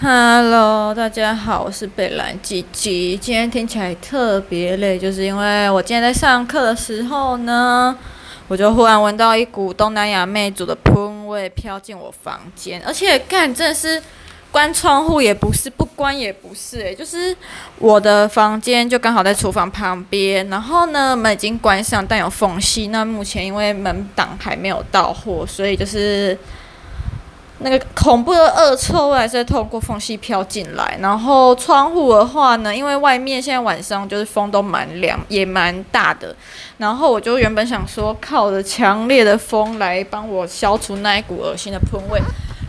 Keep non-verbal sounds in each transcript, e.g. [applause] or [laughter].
Hello，大家好，我是貝蘭吉吉。今天聽起來特別累，就是因為我今天在上課的時候呢，我就忽然聞到一股東南亞魅族的噴味飄進我房間，而且看真的是關窗戶也不是，不關也不是，欸，就是我的房間就剛好在廚房旁邊，然後呢門已經關上，但有縫隙。那目前因為門擋還沒有到貨，所以就是。那個恐怖的惡臭味還是透過縫隙飄進來，然後窗戶的話呢，因為外面現在晚上就是風都蠻涼，也蠻大的，然後我就原本想說靠着強烈的風來幫我消除那一股噁心的噴味，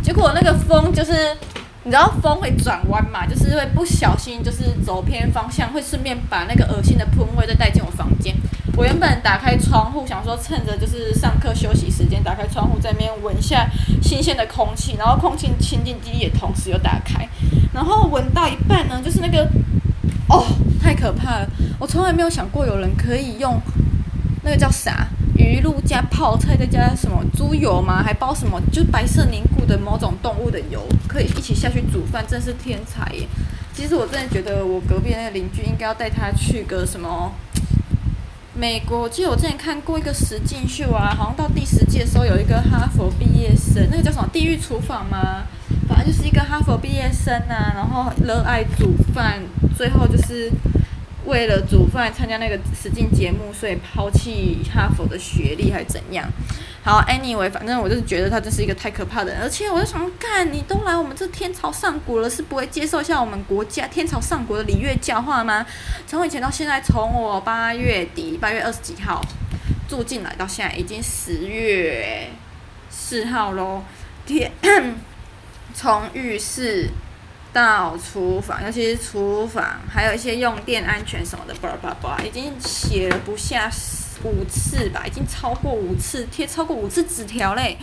結果那個風就是你知道風會轉彎嘛，就是會不小心就是走偏方向，會順便把那個噁心的噴味再帶進我房間。我原本打開窗戶，想說趁着就是上課休息時間打開窗戶，在那邊聞一下新鮮的空氣，然後空氣清淨劑也同時又打開，然後聞到一半呢，就是那個，哦，太可怕了！我從來沒有想過有人可以用那個叫啥魚露加泡菜再加什麼豬油嗎？還包什麼就是、白色凝固的某種動物的油可以一起下去煮飯，真是天才耶！其實我真的覺得我隔壁那個鄰居應該要帶他去個什麼。美國，我記得我之前看過一個實境秀啊，好像到第十屆的時候有一個哈佛畢業生，那個叫什麼《地獄廚房》嗎？反正就是一個哈佛畢業生啊，然後熱愛煮飯，最後就是為了煮飯參加那個實境節目，所以拋棄哈佛的學歷還是怎樣？好，anyway，反正我就是覺得他就是一個太可怕的人，而且我就想，看你都來我們這天朝上國了，是不會接受一下我們國家天朝上國的禮樂教化嗎？從以前到現在，從我八月底八月二十幾號住進來到現在已經十月四號嘍。天，從浴室到廚房，尤其是廚房，還有一些用電安全什麼的，叭叭叭，已經寫了不下，五次吧，已經超過五次貼超過五次紙條嘞，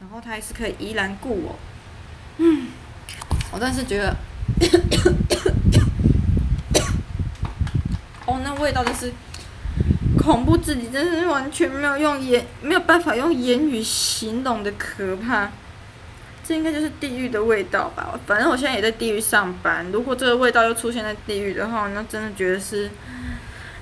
然後他還是可以依然故我，哦。嗯，我真的是覺得， [coughs] 哦，那味道就是恐怖至極，真是完全沒有用言沒有辦法用言語形容的可怕。這應該就是地獄的味道吧？反正我現在也在地獄上班，如果這個味道又出現在地獄的話，那真的覺得是。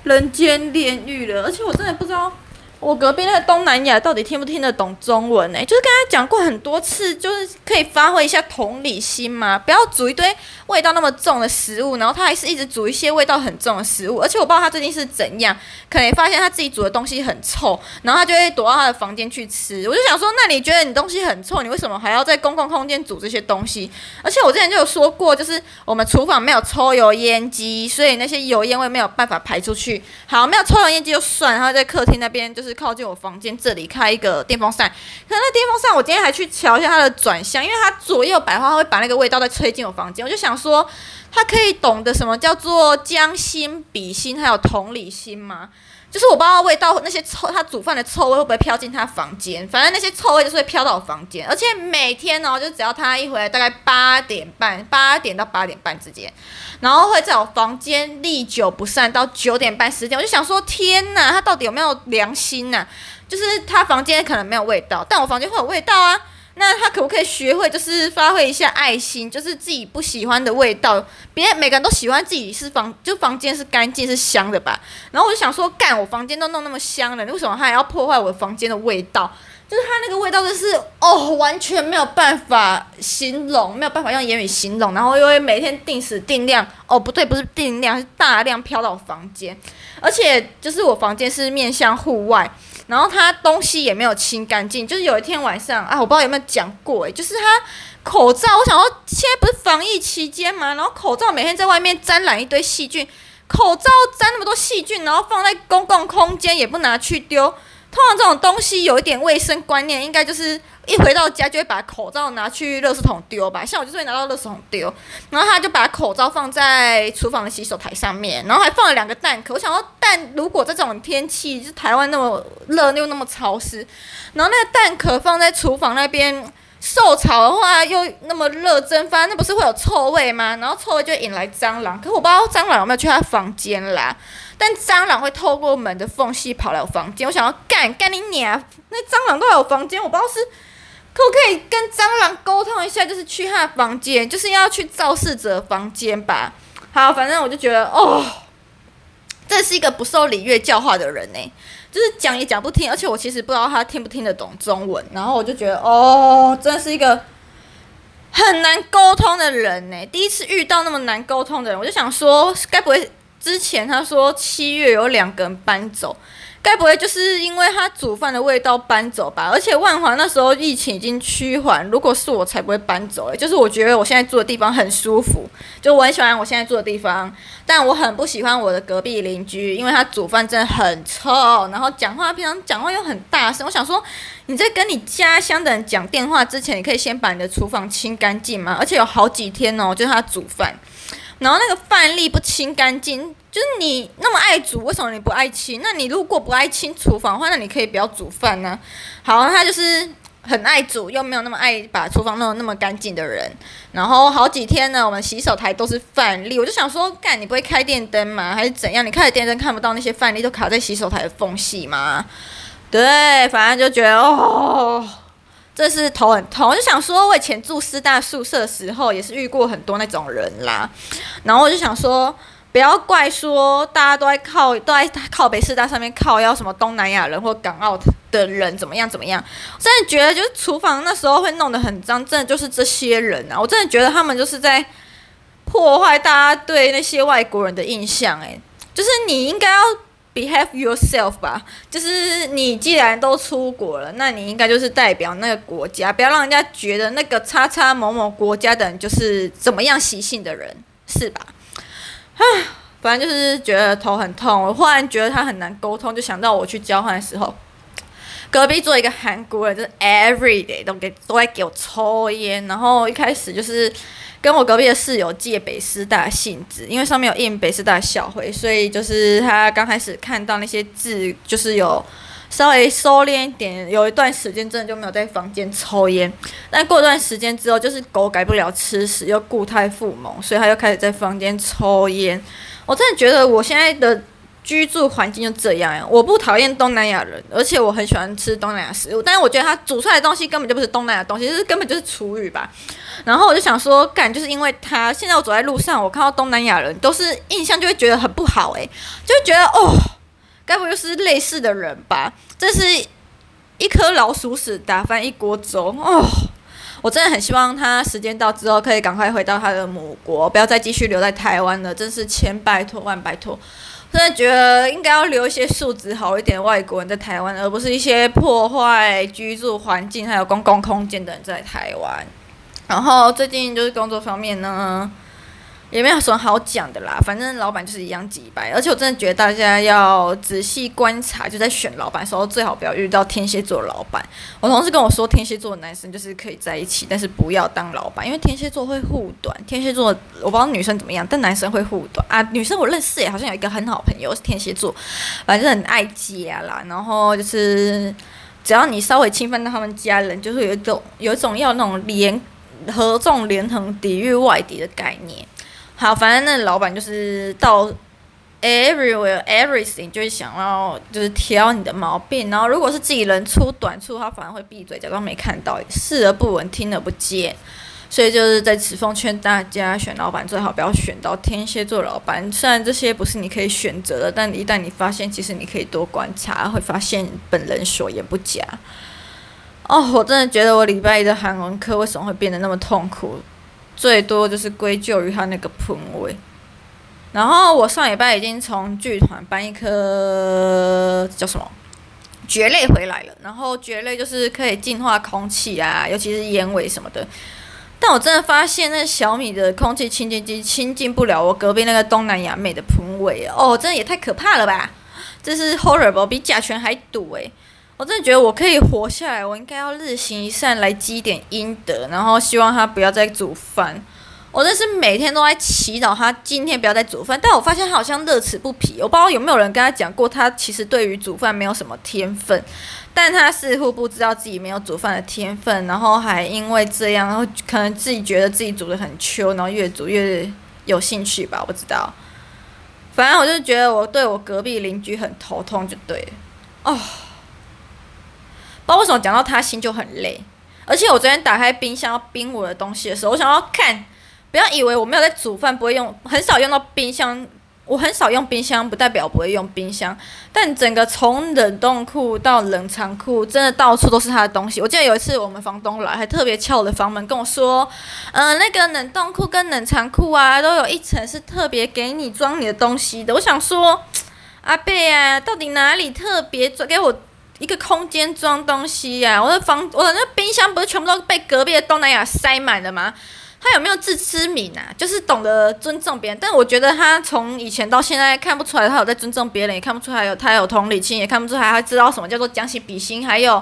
人間煉獄了，而且我真的不知道。我隔壁那個東南亞到底聽不聽得懂中文呢、欸？就是跟他講過很多次，就是可以發揮一下同理心嘛，不要煮一堆味道那麼重的食物，然後他還是一直煮一些味道很重的食物。而且我不知道他最近是怎樣，可能發現他自己煮的東西很臭，然後他就會躲到他的房間去吃。我就想說，那你覺得你東西很臭，你為什麼還要在公共空間煮這些東西？而且我之前就有說過，就是我們廚房沒有抽油煙機，所以那些油煙味沒有辦法排出去。好，沒有抽油煙機就算，然後在客廳那邊就是。靠近我房間這裡開一個電風扇，可那電風扇我今天還去瞧一下它的轉向，因為它左右擺的話，它會把那個味道再吹進我房間。我就想說，它可以懂得什麼叫做將心比心，還有同理心嗎？就是我不知道味道，那些臭，他煮飯的臭味會不會飄進他房間？反正那些臭味就是會飄到我房間，而且每天哦，就是只要他一回來，大概八點半、八點到八點半之間，然後會在我房間歷久不散，到九點半、十點，我就想說：天吶，他到底有沒有良心吶、啊？就是他房間可能沒有味道，但我房間會有味道啊。那他可不可以學會，就是發揮一下愛心，就是自己不喜歡的味道，別人每個人都喜歡，自己是房就房間是乾淨是香的吧。然後我就想說，幹我房間都弄那麼香了，為什麼他還要破壞我房間的味道？就是他那個味道，就是哦，完全沒有辦法形容，沒有辦法用言語形容。然後因為每天定時定量，哦不對，不是定量，是大量飄到我房間，而且就是我房間是面向戶外。然後他東西也沒有清乾淨，就是有一天晚上，啊，我不知道有沒有講過，欸，就是他口罩，我想說現在不是防疫期間嘛，然後口罩每天在外面沾染一堆細菌，口罩沾那麼多細菌，然後放在公共空間也不拿去丟。通常這種東西有一點衛生觀念，應該就是一回到家就會把口罩拿去垃圾桶丟吧。像我就是會拿到垃圾桶丟，然後他就把口罩放在廚房的洗手台上面，然後還放了兩個蛋殼。我想說蛋，如果在這種天氣，就台灣那麼熱又那，那麼潮濕，然後那個蛋殼放在廚房那邊。受潮的話又那麼熱，蒸發那不是會有臭味嗎？然後臭味就引來蟑螂。可我不知道蟑螂有沒有去他房間啦，但蟑螂會透過門的縫隙跑來我房間。我想要幹幹你娘！那蟑螂都還有房間，我不知道是可不可以跟蟑螂溝通一下，就是去他房間，就是要去肇事者房間吧。好，反正我就覺得哦。這是一個不受禮樂教化的人呢，就是講也講不聽，而且我其實不知道他聽不聽得懂中文，然後我就覺得哦，真是一個很難溝通的人呢。第一次遇到那麼難溝通的人，我就想說，該不會之前他說七月有兩個人搬走？該不會就是因為他煮飯的味道搬走吧？而且萬華那時候疫情已經趨緩，如果是我才不會搬走欸。就是我覺得我現在住的地方很舒服，就我很喜歡我現在住的地方，但我很不喜歡我的隔壁鄰居，因為他煮飯真的很臭，然後講話平常講話又很大聲，我想說，你在跟你家鄉的人講電話之前，你可以先把你的廚房清乾淨嗎？而且有好幾天哦，就是、他煮飯，然後那個飯粒不清乾淨，就是你那麼愛煮，為什麼你不愛清？那你如果不愛清廚房的話，那你可以不要煮飯呢、啊。好，他就是很愛煮，又沒有那麼愛把廚房弄那麼乾淨的人。然後好幾天呢，我們洗手台都是飯粒，我就想說，幹你不會開電燈嗎？還是怎樣？你開了電燈看不到那些飯粒都卡在洗手台的縫隙嗎？對，反正就覺得哦，這是頭很痛，我就想說，我以前住師大宿舍的時候，也是遇過很多那種人啦。然後我就想說，不要怪說大家都在靠，都在靠北，師大上面靠，要什麼東南亞人或港澳的人怎麼樣怎麼樣。麼樣我真的覺得，就是廚房那時候會弄得很髒，真的就是這些人啊！我真的覺得他們就是在破壞大家對那些外國人的印象、欸。哎，就是你應該要。Behave yourself 吧，就是你既然都出國了，那你應該就是代表那個國家，不要讓人家覺得那個叉叉某某國家的人就是怎麼樣習性的人，是吧？唉，反正就是覺得頭很痛。我忽然覺得他很難溝通，就想到我去交換的時候，隔壁坐一個韓國人，就是 everyday 都給都在給我抽菸，然後一開始就是。跟我隔壁的室友借北師大信紙，因為上面有印北師大校徽，所以就是他剛開始看到那些字，就是有稍微收斂一點，有一段時間真的就沒有在房間抽菸。但過段時間之後，就是狗改不了吃屎，又故態復萌，所以他又開始在房間抽菸。我真的覺得我現在的居住環境就這樣呀！我不討厭東南亞人，而且我很喜歡吃東南亞食物，但是我覺得他煮出來的東西根本就不是東南亞東西，就是根本就是廚餘吧。然後我就想說，幹，就是因為他。現在我走在路上，我看到東南亞人，都是印象就會覺得很不好，誒，就覺得哦，該不就是類似的人吧？這是一顆老鼠屎打翻一鍋粥哦。我真的很希望他時間到之後，可以趕快回到他的母國，不要再繼續留在台灣了。真是千拜托萬拜托！真的覺得應該要留一些素質好一點的外國人，在台灣，而不是一些破壞居住環境還有公共空間的人在台灣。然後最近就是工作方面呢，也沒有什麼好講的啦。反正老闆就是一樣幾百，而且我真的覺得大家要仔細觀察，就在選老闆的時候最好不要遇到天蠍座老闆。我同事跟我說，天蠍座的男生就是可以在一起，但是不要當老闆，因為天蠍座會護短。天蠍座我不知道女生怎麼樣，但男生會護短啊。女生我認識耶，好像有一個很好朋友是天蠍座，反正很愛家啦。然後就是只要你稍微侵犯到他們家人，就是有一種有一種要那種連。合縱連橫抵禦外敵的概念。好，反正那老闆就是到 everywhere everything 就是想要就是挑你的毛病，然後如果是自己人出短處，他反而會閉嘴，假裝沒看到，視而不聞，聽而不見。所以就是在此奉勸大家，選老闆最好不要選到天蠍座老闆。雖然這些不是你可以選擇的，但一旦你發現，其實你可以多觀察，會發現本人所言不假。哦，我真的覺得我禮拜一的韓文課為什麼會變得那麼痛苦，最多就是歸咎於他那個噴味。然後我上禮拜已經從劇團搬一顆叫什麼蕨類回來了，然後蕨類就是可以淨化空氣啊，尤其是煙尾什麼的。但我真的發現那小米的空氣清淨機清淨不了我隔壁那個東南亞妹的噴味，哦，真的也太可怕了吧！這是 horrible，比甲醛還毒誒、欸。我真的覺得我可以活下來，我應該要日行一善來積點陰德，然後希望他不要再煮飯。我真是每天都在祈禱他今天不要再煮飯，但我發現他好像樂此不疲。我不知道有沒有人跟他講過，他其實對於煮飯沒有什麼天分，但他似乎不知道自己沒有煮飯的天分，然後還因為這樣，然後可能自己覺得自己煮得很秋，然後越煮越有興趣吧，我不知道。反正我就覺得我對我隔壁鄰居很頭痛，就對了。哦。包括什麼？講到他心就很累，而且我昨天打開冰箱要冰我的東西的時候，我想要看。不要以為我沒有在煮飯不會用，很少用到冰箱。我很少用冰箱，不代表不會用冰箱。但整個從冷凍庫到冷藏庫，真的到處都是他的東西。我記得有一次我們房東來，還特別撬我的房門跟我說：“嗯、呃，那個冷凍庫跟冷藏庫啊，都有一層是特別給你裝你的東西的。”我想說，阿伯啊，到底哪裡特別給我？一個空間裝東西呀、啊，我的房，我的那冰箱不是全部都被隔壁的東南亞塞滿了嗎？他有沒有自知之明啊？就是懂得尊重別人，但我覺得他從以前到現在看不出來他有在尊重別人，也看不出來他有他有同理心，也看不出來他知道什麼叫做將心比心，還有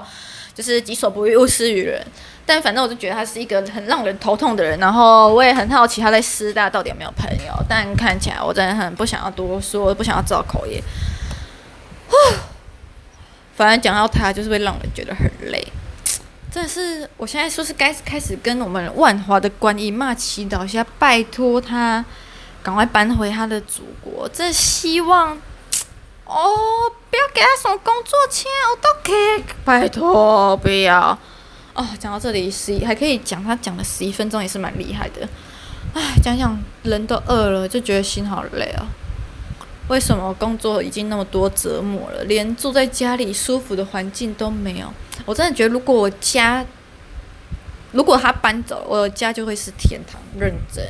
就是己所不欲勿施於人。但反正我就覺得他是一個很讓人頭痛的人。然後我也很好奇他在師大到底有沒有朋友，但看起來我真的很不想要多說，我不想要造口業。反正講到他，就是會讓人覺得很累。這是，我現在說是該開始跟我們萬華的觀音媽祈禱一下，拜託他趕快搬回他的祖國。真希望哦，不要給他什麼工作簽，我都可以拜託，不要。哦，講到這裡十一還可以講，他講了十一分鐘也是蠻厲害的。唉，講講人都餓了，就覺得心好累哦、啊。為什麼工作已經那麼多折磨了，連住在家裡舒服的環境都沒有？我真的覺得，如果我家，如果他搬走了，我家就會是天堂。認真，